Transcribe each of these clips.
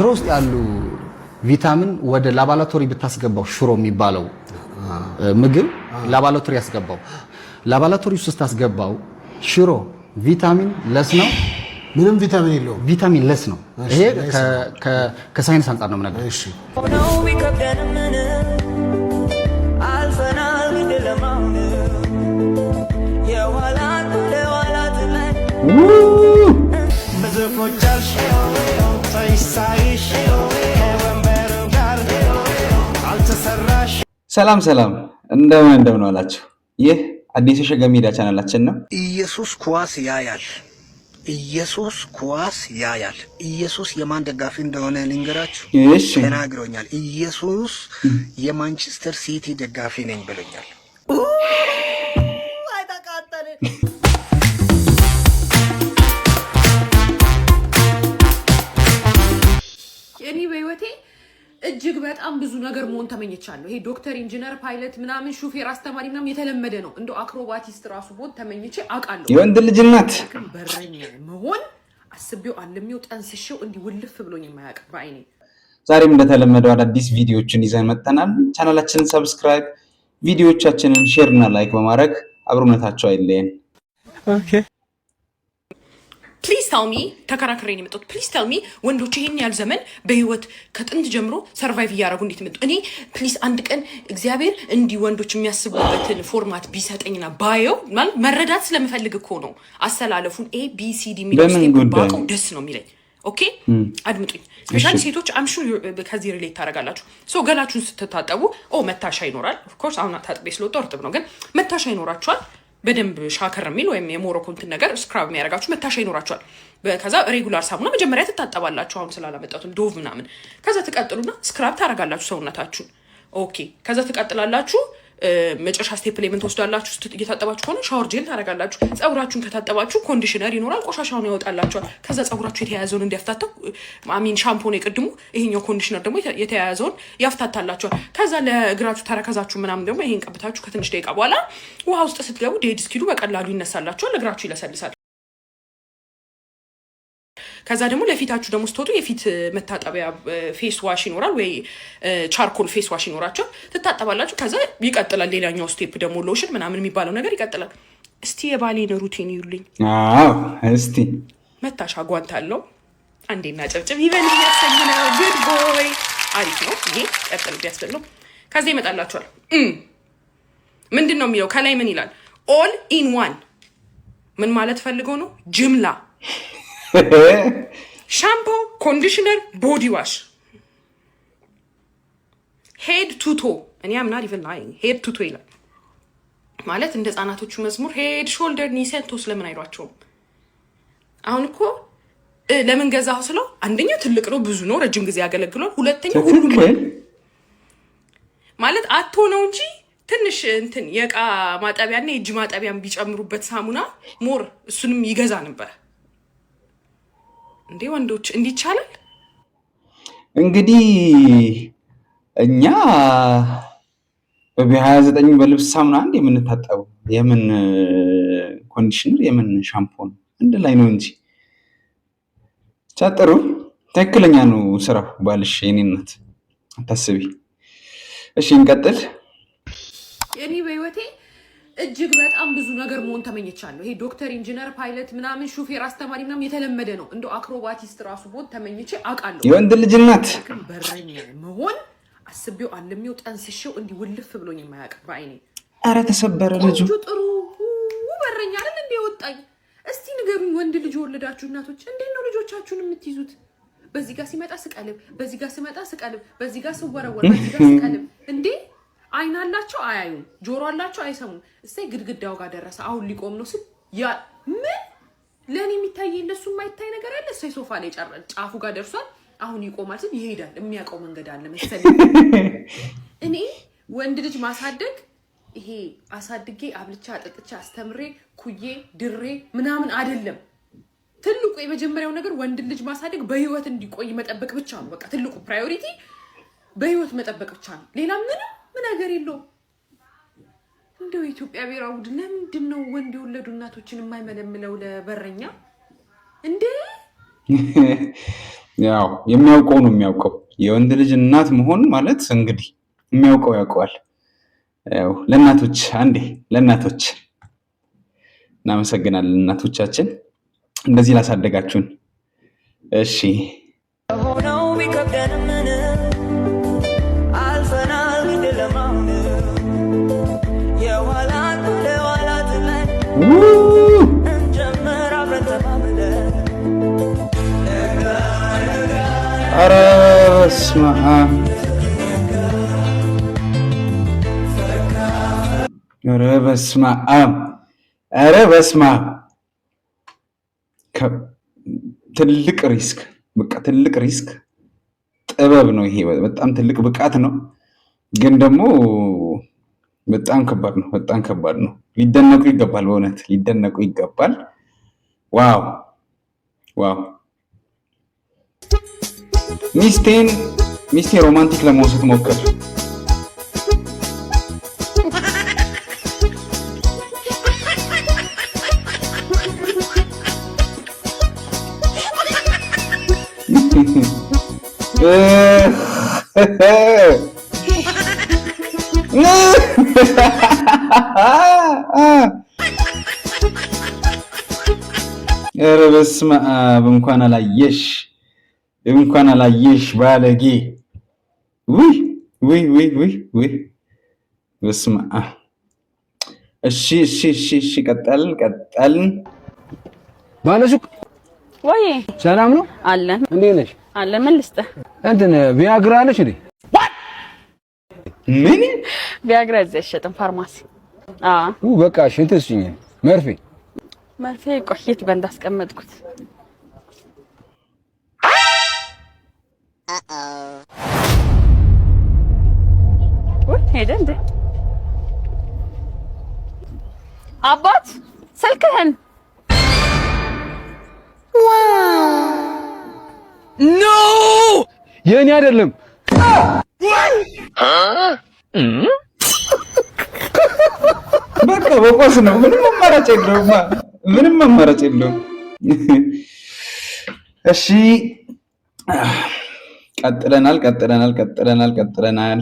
ሽሮ ውስጥ ያሉ ቪታሚን ወደ ላባላቶሪ ብታስገባው ሽሮ የሚባለው ምግብ ላባላቶሪ ያስገባው ላባላቶሪ ውስጥ ታስገባው ሽሮ ቪታሚን ለስ ነው። ምንም ቪታሚን የለውም። ቪታሚን ለስ ነው። ይሄ ከሳይንስ አንጻር ነው የምነግርህ። እሺ ሰላም ሰላም፣ እንደምን እንደምን ዋላችሁ። ይህ አዲስ ሸገር ሚዲያ ቻናላችን ነው። ኢየሱስ ኳስ ያያል። ኢየሱስ ኳስ ያያል። ኢየሱስ የማን ደጋፊ እንደሆነ ልንገራችሁ፣ ተናግሮኛል። ኢየሱስ የማንቸስተር ሲቲ ደጋፊ ነኝ ብሎኛል። አይተቃጠልን በህይወቴ እጅግ በጣም ብዙ ነገር መሆን ተመኝቻለሁ። ይሄ ዶክተር፣ ኢንጂነር፣ ፓይለት ምናምን፣ ሹፌር፣ አስተማሪ ምናምን የተለመደ ነው። እንደ አክሮባቲስት ራሱ ሆን ተመኝቼ አውቃለሁ። የወንድ ልጅናት በረኛ መሆን አስቤው አልሜው ጠንስሼው እንዲህ ውልፍ ብሎኝ የማያውቅ በአይኔ። ዛሬም እንደተለመደው አዳዲስ ቪዲዮዎችን ይዘን መጠናል። ቻናላችንን ሰብስክራይብ፣ ቪዲዮዎቻችንን ሼር እና ላይክ በማድረግ አብሮነታቸው አይለየን። ፕሊስ ታልሚ ተከራክሬ የመጡት ፕሊስ ታልሚ ወንዶች ይሄን ያህል ዘመን በህይወት ከጥንት ጀምሮ ሰርቫይቭ እያደረጉ እንዴት መጡ? እኔ ፕሊስ አንድ ቀን እግዚአብሔር እንዲህ ወንዶች የሚያስቡበትን ፎርማት ቢሰጠኝና ባየው ማለት መረዳት ስለምፈልግ እኮ ነው። አሰላለፉን ኤ ቢ ሲ ዲ የሚባቀው ደስ ነው የሚለኝ። ኦኬ አድምጡኝ። ስፔሻሊ ሴቶች አምሹ ከዚህ ሪሌት ታደርጋላችሁ። ሶ ገላችሁን ስትታጠቡ ኦ መታሻ ይኖራል። ኦፍኮርስ አሁን ታጥቤ ስለወጣሁ እርጥብ ነው፣ ግን መታሻ ይኖራችኋል በደንብ ሻከር የሚል ወይም የሞሮኮንትን ነገር ስክራብ የሚያደርጋችሁ መታሻ ይኖራችኋል። ከዛ ሬጉላር ሳሙና መጀመሪያ ትታጠባላችሁ። አሁን ስላላመጣሁትም ዶቭ ምናምን። ከዛ ትቀጥሉና ስክራብ ታደርጋላችሁ ሰውነታችሁን። ኦኬ ከዛ ትቀጥላላችሁ መጨረሻ ስቴፕ ላይ ምን ትወስዳላችሁ? እየታጠባችሁ ከሆነ ሻወር ጄል ታደርጋላችሁ። ፀጉራችሁን ከታጠባችሁ ኮንዲሽነር ይኖራል፣ ቆሻሻውን ያወጣላችኋል። ከዛ ፀጉራችሁ የተያያዘውን እንዲያፍታታው አሚን ሻምፖን የቅድሙ ይሄኛው ኮንዲሽነር ደግሞ የተያያዘውን ያፍታታላችኋል። ከዛ ለእግራችሁ ተረከዛችሁ ምናምን ደግሞ ይሄን ቀብታችሁ ከትንሽ ደቂቃ በኋላ ውሃ ውስጥ ስትገቡ ዴድ በቀላሉ ይነሳላችኋል፣ እግራችሁ ይለሰልሳል። ከዛ ደግሞ ለፊታችሁ ደግሞ ስትወጡ የፊት መታጠቢያ ፌስ ዋሽ ይኖራል ወይ ቻርኮል ፌስ ዋሽ ይኖራቸው ትታጠባላችሁ። ከዛ ይቀጥላል ሌላኛው ስቴፕ ደግሞ ሎሽን ምናምን የሚባለው ነገር ይቀጥላል። እስቲ የባሌን ሩቲን ይዩልኝ። እስቲ መታሻ ጓንት አለው አንዴና ጨብጭብ ይበል እያሰኝ ነው። ቦይ አሪፍ ነው ይሄ ቀጥል ቢያስበል ነው። ከዛ ይመጣላችኋል። ምንድን ነው የሚለው ከላይ ምን ይላል? ኦል ኢን ዋን ምን ማለት ፈልገው ነው ጅምላ ሻምፖ፣ ኮንዲሽነር፣ ቦዲ ዋሽ፣ ሄድ ቱቶ እኔ አምናር ይፈል ሄድ ቱቶ ይላል ማለት እንደ ህጻናቶቹ መዝሙር ሄድ ሾልደር ኒሰንቶ ስለምን አይሏቸውም? አሁን እኮ ለምን ገዛሁ ስለው አንደኛ ትልቅ ነው፣ ብዙ ነው፣ ረጅም ጊዜ ያገለግሏል። ሁለተኛ ሁሉም ማለት አቶ ነው እንጂ ትንሽ እንትን የእቃ ማጠቢያና የእጅ ማጠቢያን ቢጨምሩበት ሳሙና ሞር እሱንም ይገዛ ነበር እንዴ ወንዶች እንዲህ ይቻላል? እንግዲህ እኛ በሀያ ዘጠኝ በልብስ ሳሙና አንድ የምንታጠበው የምን ኮንዲሽነር የምን ሻምፖ ነው አንድ ላይ ነው እንጂ ጥሩ ትክክለኛ ነው ስራው ባልሽ የኔ አታስቢ እሺ እንቀጥል የኔ እጅግ በጣም ብዙ ነገር መሆን ተመኝቻለሁ። ይሄ ዶክተር፣ ኢንጂነር፣ ፓይለት ምናምን፣ ሹፌር፣ አስተማሪ ምናምን የተለመደ ነው። እንደ አክሮባቲስት ራሱ መሆን ተመኝቼ አውቃለሁ። የወንድ ልጅነት በረኛ መሆን አስቤው አልሜው ጠንስሼው እንዲህ ውልፍ ብሎኝ የማያውቅ በአይኔ። ኧረ ተሰበረ ልጁ ጥሩ በረኛ አይደል ወጣኝ። እስቲ ንገሩኝ፣ ወንድ ልጅ ወለዳችሁ እናቶች እንዴት ነው ልጆቻችሁን የምትይዙት? በዚህ ጋር ሲመጣ ስቀልብ፣ በዚህ ጋር ሲመጣ ስቀልብ፣ በዚህ ጋር ስወረወር፣ በዚህ ጋር ስቀልብ እንዴ አይን አላቸው አያዩም፣ ጆሮ አላቸው አይሰሙም። እሰይ ግድግዳው ጋር ደረሰ አሁን ሊቆም ነው ስል ያ ምን ለእኔ የሚታይ እነሱ የማይታይ ነገር አለ። እሰይ ሶፋ ላይ ጫፉ ጋር ደርሷል አሁን ይቆማል ስል ይሄዳል። የሚያውቀው መንገድ አለ መሰለኝ። እኔ ወንድ ልጅ ማሳደግ ይሄ አሳድጌ አብልቻ ጥጥቻ አስተምሬ ኩዬ ድሬ ምናምን አይደለም። ትልቁ የመጀመሪያው ነገር ወንድ ልጅ ማሳደግ በህይወት እንዲቆይ መጠበቅ ብቻ ነው። በቃ ትልቁ ፕራዮሪቲ በህይወት መጠበቅ ብቻ ነው። ሌላ ምንም ምን ነገር የለውም። እንደው የኢትዮጵያ ብሔራዊ ቡድን ለምንድን ነው ወንድ የወለዱ እናቶችን የማይመለምለው ለበረኛ እንዴ? ያው የሚያውቀው ነው የሚያውቀው። የወንድ ልጅ እናት መሆን ማለት እንግዲህ የሚያውቀው ያውቀዋል። ለእናቶች አንዴ ለእናቶች እናመሰግናለን። እናቶቻችን እንደዚህ ላሳደጋችሁን። እሺ ሆነው ቢከብደንም ኧረ በስመ አብ ኧረ በስመ አብ ኧረ በስመ አብ ትልቅ ሪስክ በቃ ትልቅ ሪስክ ጥበብ ነው ይሄ። በጣም ትልቅ ብቃት ነው ግን ደግሞ በጣም ከባድ ነው። በጣም ከባድ ነው። ሊደነቁ ይገባል። በእውነት ሊደነቁ ይገባል። ዋው ዋው! ሚስቴን ሚስቴ ሮማንቲክ ለመውሰድ ሞከር። ኧረ በስመ አብ እንኳን አላየሽ እንኳን አላየሽ ባለጌ። ውይ ውይ ውይ ውይ ውይ በስመ አብ። እሺ እሺ እሺ እሺ፣ ቀጠልን ቀጠልን። ባለሱቅ ወይ ሰላም ነው አለ። እንዴት ነሽ አለ። ምን ልስጥህ? እንትን ቢያግራለሽ እንዴ ምን ቢያግራ እዚህ አይሸጥም ፋርማሲ። አዎ በቃ እሺ። እንትን ስኝ መርፌ መርፌ ቆየት በእንድ አስቀመጥኩት። ወይ ሄደ እንዴ? አባት ስልክህን ኖ የእኔ አይደለም በቃ በቆስ ነው። ምንም አማራጭ የለውማ። ምንም አማራጭ የለውም። እሺ ቀጥለናል፣ ቀጥለናል፣ ቀጥለናል፣ ቀጥለናል።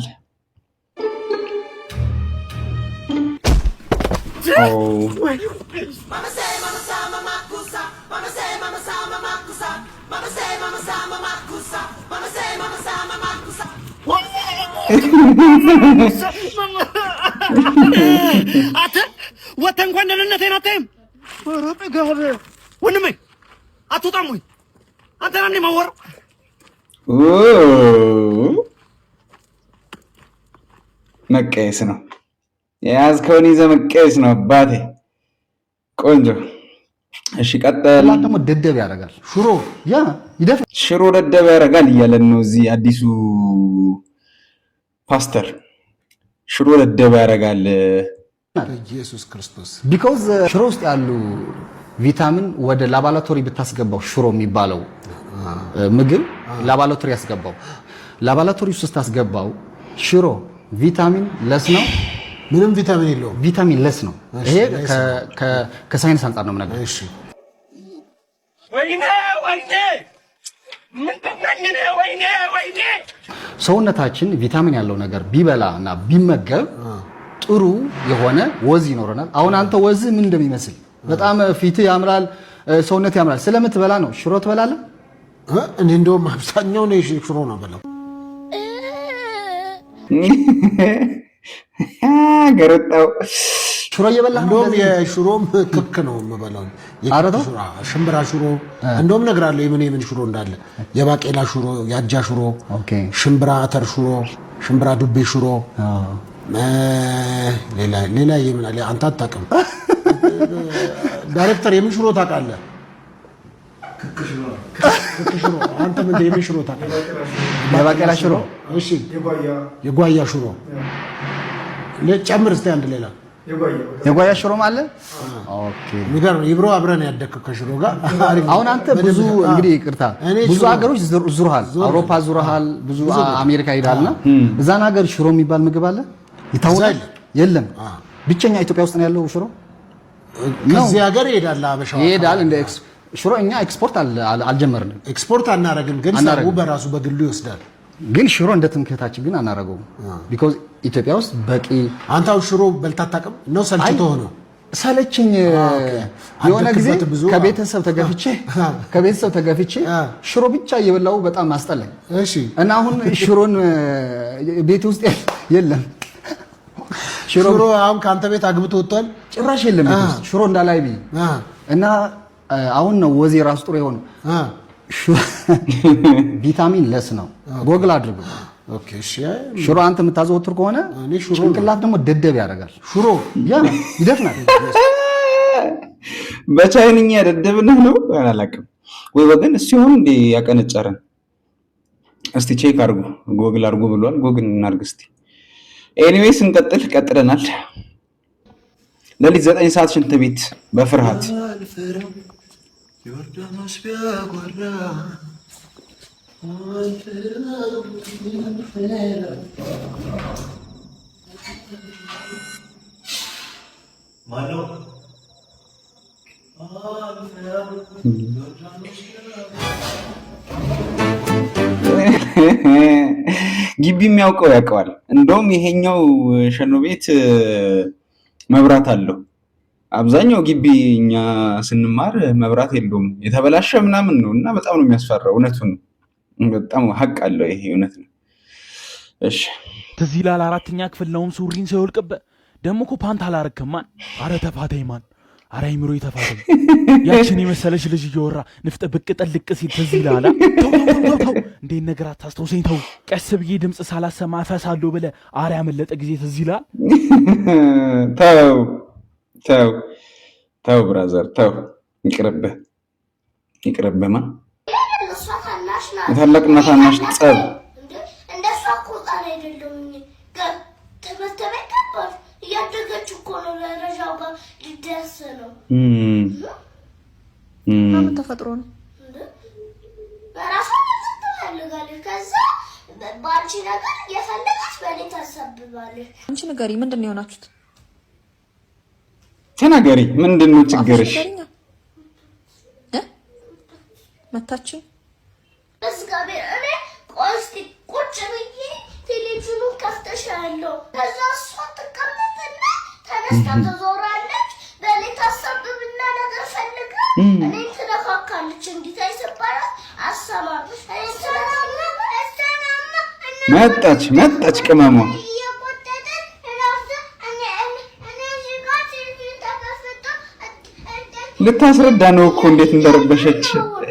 አንተ ወተህ እንኳን ደህንነቴን አታይም። ኧረ ጥጋብ ወንድሜ አትወጣም ወይ? አንተ ናን የማወራው መቀየስ ነው የያዝከውን ይዘህ መቀየስ ነው አባቴ። ቆንጆ እሺ፣ ቀጠል። ደግሞ ደደብ ያደርጋል ሽሮ ያ ይደፍ ሽሮ ደደብ ያደርጋል እያለን ነው እዚህ አዲሱ ፓስተር ሽሮ ለደበ ያደርጋል። ኢየሱስ ክርስቶስ ቢኮዝ ሽሮ ውስጥ ያሉ ቪታሚን ወደ ላቦራቶሪ ብታስገባው ሽሮ የሚባለው ምግብ ላቦራቶሪ ያስገባው ላቦራቶሪ ውስጥ ታስገባው ሽሮ ቪታሚን ለስ ነው። ምንም ቪታሚን የለውም። ቪታሚን ለስ ነው። ይሄ ከሳይንስ አንጻር ነው የምነግርህ። ሰውነታችን ቪታሚን ያለው ነገር ቢበላ እና ቢመገብ ጥሩ የሆነ ወዝ ይኖረናል። አሁን አንተ ወዝ ምን እንደሚመስል በጣም ፊት ያምራል፣ ሰውነት ያምራል። ስለምትበላ ነው። ሽሮ ትበላለህ? እኔ እንደውም አብዛኛው ነው ሽሮ ነው በላው። ገረጣው ሽሮ እየበላ ነው። እንደውም የሽሮም ክክ ነው የምበላው። ሽምብራ ሽሮ እንደውም እነግርሃለሁ የምን የምን ሽሮ እንዳለ የባቄላ ሽሮ፣ የአጃ ሽሮ፣ ሽምብራ አተር ሽሮ፣ ሽምብራ ዱቤ ሽሮ፣ ሌላ የምን አለ አንተ አታውቅም። ዳይሬክተር የምን ሽሮ ታውቃለህ? አንተ ምን የምን ሽሮ ታውቃለህ? የባቄላ ሽሮ፣ የጓያ ሽሮ ጨምር እስኪ አንድ ሌላ የጓያ ሽሮም አለ። ሚገርም ይብሮ አብረን ያደግከው ከሽሮ ጋር። አሁን አንተ ብዙ እንግዲህ ይቅርታ ብዙ ሀገሮች ዙርሃል፣ አውሮፓ ዙርሃል፣ ብዙ አሜሪካ ሄዳልና እዛን ሀገር ሽሮ የሚባል ምግብ አለ ይታወቃል። የለም ብቸኛ ኢትዮጵያ ውስጥ ነው ያለው ሽሮ። ከዚህ ሀገር ይሄዳል፣ አበሻው ይሄዳል እንደ ሽሮ። እኛ ኤክስፖርት አልጀመርንም፣ ኤክስፖርት አናረግም፣ ግን ሰው በራሱ በግሉ ይወስዳል። ግን ሽሮ እንደ ትምክህታችን ግን አናረገውም ቢኮዝ ኢትዮጵያ ውስጥ በቂ አንተ ሽሮ በልተህ አታውቅም ነው? ሰልችቶ ሆኖ ሰለችኝ። የሆነ ጊዜ ከቤተሰብ ተገፍቼ ከቤተሰብ ተገፍቼ ሽሮ ብቻ እየበላሁ በጣም አስጠላኝ። እና አሁን ሽሮን ቤት ውስጥ የለም። ሽሮ አሁን ከአንተ ቤት አግብቶ ወጥቷል። ጭራሽ የለም ሽሮ እንዳላይ ብዬ እና አሁን ነው ወዜ ራሱ ጥሩ የሆነ ቪታሚን ለስ ነው። ጎግል አድርገው ሽሮ አንተ የምታዘወትር ከሆነ ጭንቅላት ደግሞ ደደብ ያደርጋል። ሽሮ ይደፍናል። በቻይንኛ ደደብነት ነው አላውቅም። ወይ ወገን ሲሆን እንደ ያቀነጨረን እስቲ ቼክ አድርጉ፣ ጎግል አድርጉ ብሏል። ጎግል እናድርግ እስቲ። ኤኒዌይ ስንቀጥል ቀጥለናል። ለሊት ዘጠኝ ሰዓት ሽንት ቤት በፍርሃት ግቢ የሚያውቀው ያውቀዋል። እንደውም ይሄኛው ሸኖ ቤት መብራት አለው። አብዛኛው ግቢ እኛ ስንማር መብራት የለውም የተበላሸ ምናምን ነው እና በጣም ነው የሚያስፈራው። እውነቱን ነው። በጣም ሀቅ አለው። ይሄ እውነት ነው። እሺ ትዝ ይላል። አራተኛ ክፍል ነውም ሱሪን ሳይወልቅብህ ደግሞ እኮ ፓንት አላረግክም አረ ተፋተኝ ማን አረ አይምሮ የተፋተኝ ያችን የመሰለች ልጅ እየወራ ንፍጠ ብቅ ጠልቅ ሲል ትዝ ይላል። ተው እንዴት ነገር አታስታውሰኝ። ተው ቀስ ብዬ ድምፅ ሳላሰማ እፈሳለሁ ብለ አረ ያመለጠ ጊዜ ትዝ ይላል። ተው ተው ተው፣ ብራዘር ተው፣ ይቅርብህ፣ ይቅርብህ ማ የታላቅና ታናሽ ጸብ እያደገች ነው። ተፈጥሮ ነው በራሷ ከዛ በአንቺ ነገር እየፈለጋች በእኔ አንቺ ንገሪ፣ ምንድን ነው የሆናችሁት? ተናገሪ፣ ምንድን ነው ችግርሽ? መታችኝ መዝጋቢያ እኔ ቆስቲ ቁጭ ብዬ ቴሌቪዥኑን ከፍተሽ ከዛ እሷ ትቀመጥና ተነስታ ትዞራለች። በእኔ ታሳብብና ነገር ፈልጋ እኔን ትነካካለች። እንዲታይ ስባላት መጣች መጣች ቅመሟ ልታስረዳ ነው እኮ እንዴት እንደረበሸች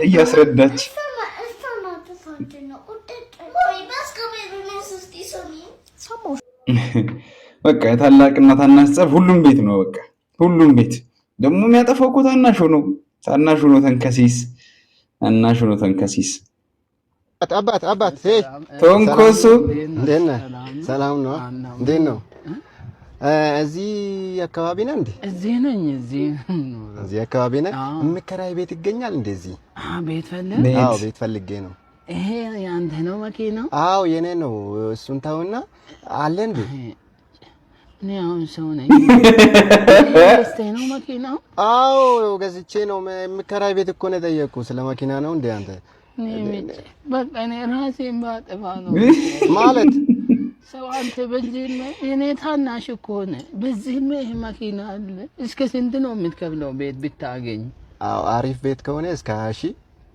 እያስረዳች በቃ የታላቅና ታናሽ ጸብ ሁሉም ቤት ነው። በቃ ሁሉም ቤት ደግሞ የሚያጠፋው እኮ ታናሽ ሆኖ ታናሽ ሆኖ ተንከሲስ ታናሽ ሆኖ ተንከሲስ አባት አባት ተንኮሱ ሰላም ነው። እንዴት ነው? እዚህ አካባቢ ነህ እንዴ? እዚህ ነኝ። እዚህ እዚህ አካባቢ ነህ? የምከራይ ቤት ይገኛል እንደዚህ? ቤት ፈልግ? ቤት ፈልጌ ነው ይሄ ያንተ ነው መኪናው? አዎ የኔ ነው። እሱን ተውና አለ እንዴ? እኔ አሁን ሰው ነኝ። ስቴ ነው መኪናው? አዎ ገዝቼ ነው። የምከራይ ቤት እኮ ነው የጠየቅኩ። ስለ መኪና ነው እንዴ አንተ? በቃ እኔ ራሴን ባጥፋ ነው ማለት ሰው አንተ በዚህ እኔ ታናሽ እኮ ነህ። በዚህም ይሄ መኪና አለ። እስከ ስንት ነው የምትከፍለው ቤት ብታገኝ? አዎ አሪፍ ቤት ከሆነ እስከ ሀያ ሺህ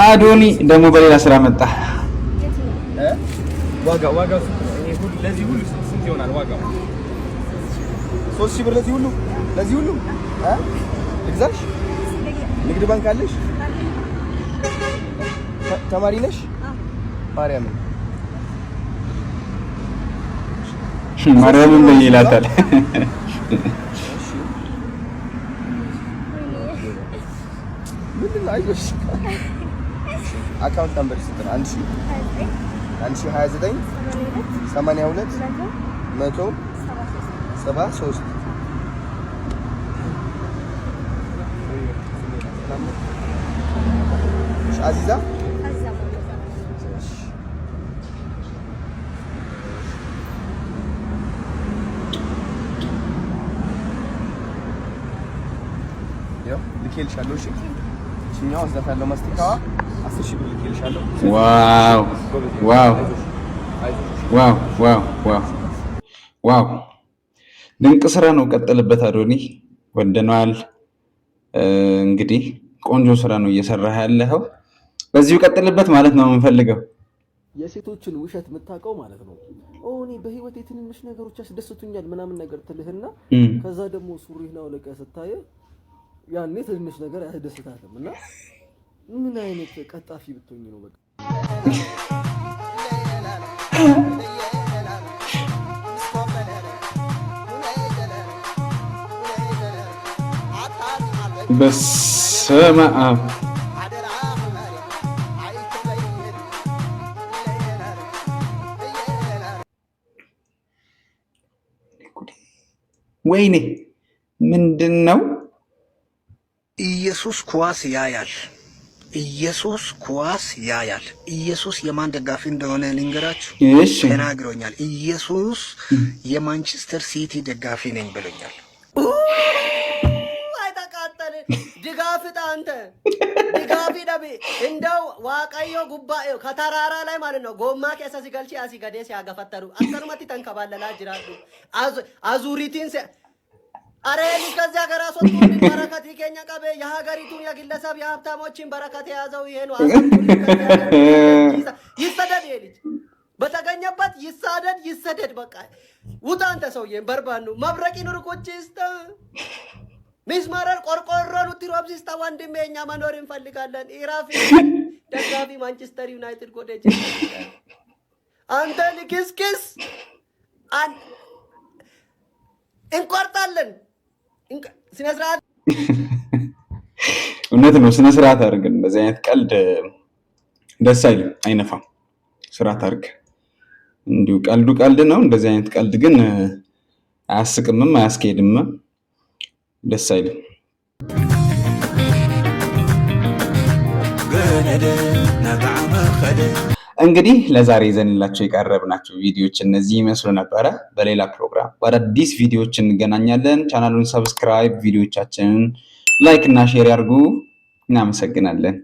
አዶኒ ደግሞ በሌላ ስራ መጣ። ዋጋ ዋጋ ለዚህ ሁሉ ስንት ይሆናል? ዋጋው ሶስት ሺህ ብር ለዚህ ሁሉ ለዚህ ሁሉ ልግዛሽ። ንግድ ባንክ አለሽ? ተማሪ ነሽ? ማርያምን ማርያምን በይ ይላታል። አካውንት ነምበር ይሰጠን። አንድ ሺህ አንድ ሺህ ሀያ ዘጠኝ ሰማንያ ሁለት መቶ ሰባ ሶስት አዚዛ ልኬልሻለሁ። ይችኛው እዛት ያለው ማስቲካዋ አስር ሺህ ብር ይልሻለሁ። ዋው ዋው ዋው ዋው ዋው ዋው! ድንቅ ስራ ነው። ቀጥልበት አዶኒ፣ ወደነዋል። እንግዲህ ቆንጆ ስራ ነው እየሰራህ ያለኸው። በዚሁ ቀጥልበት ማለት ነው የምንፈልገው። የሴቶችን ውሸት የምታውቀው ማለት ነው። እኔ በህይወት የትንንሽ ነገሮች ያስደስቱኛል ምናምን ነገር ትልህና ከዛ ደግሞ ሱሪህና አውልቀህ ስታየ ያኔ ትንሽ ነገር አያስደስታትም እና ምን አይነት ቀጣፊ ብትሆኝ ነው? በቃ በስመ አብ ወይኔ ምንድን ነው? ኢየሱስ ኳስ ያያል። ኢየሱስ ኳስ ያያል። ኢየሱስ የማን ደጋፊ እንደሆነ ልንገራችሁ፣ ተናግሮኛል። ኢየሱስ የማንቸስተር ሲቲ ደጋፊ ነኝ ብሎኛል። ድጋፍ ጣንተ ደቢ እንደው ዋቀዮ ከተራራ ላይ ማለት ነው። ጎማ ሲያገፈተሩ ተንከባለላ ጅራሉ አዙሪቲን አረ ልጅ ከዚያ ከራሱ በረከት ይገኛ ቀበ የሀገሪቱን የግለሰብ የሀብታሞችን በረከት የያዘው ይሄ ነው። ይሰደድ፣ ይሄ ልጅ በተገኘበት ይሳደድ፣ ይሰደድ። በቃ ውጣ አንተ ሰውዬ። በርባኑ መብረቂ ኑርኮች ስተ ሚስማረር ቆርቆሮ ኑትሮብስ ስተ ወንድሜ እኛ መኖር እንፈልጋለን። ኢራፊ ደጋፊ ማንቸስተር ዩናይትድ ጎደጅ አንተ ልክስክስ አንድ እንቆርጣለን እውነት ነው። ስነስርዓት አድርግ። እንደዚህ አይነት ቀልድ ደስ አይልም፣ አይነፋም። ስርዓት አድርግ። እንዲሁ ቀልዱ ቀልድ ነው። እንደዚህ አይነት ቀልድ ግን አያስቅምም፣ አያስኬድም፣ ደስ አይልም። ገነደ እንግዲህ ለዛሬ ይዘንላቸው የቀረብናቸው ቪዲዮዎች እነዚህ ይመስሉ ነበረ። በሌላ ፕሮግራም በአዳዲስ ቪዲዮዎች እንገናኛለን። ቻናሉን ሰብስክራይብ፣ ቪዲዮዎቻችንን ላይክ እና ሼር ያድርጉ። እናመሰግናለን።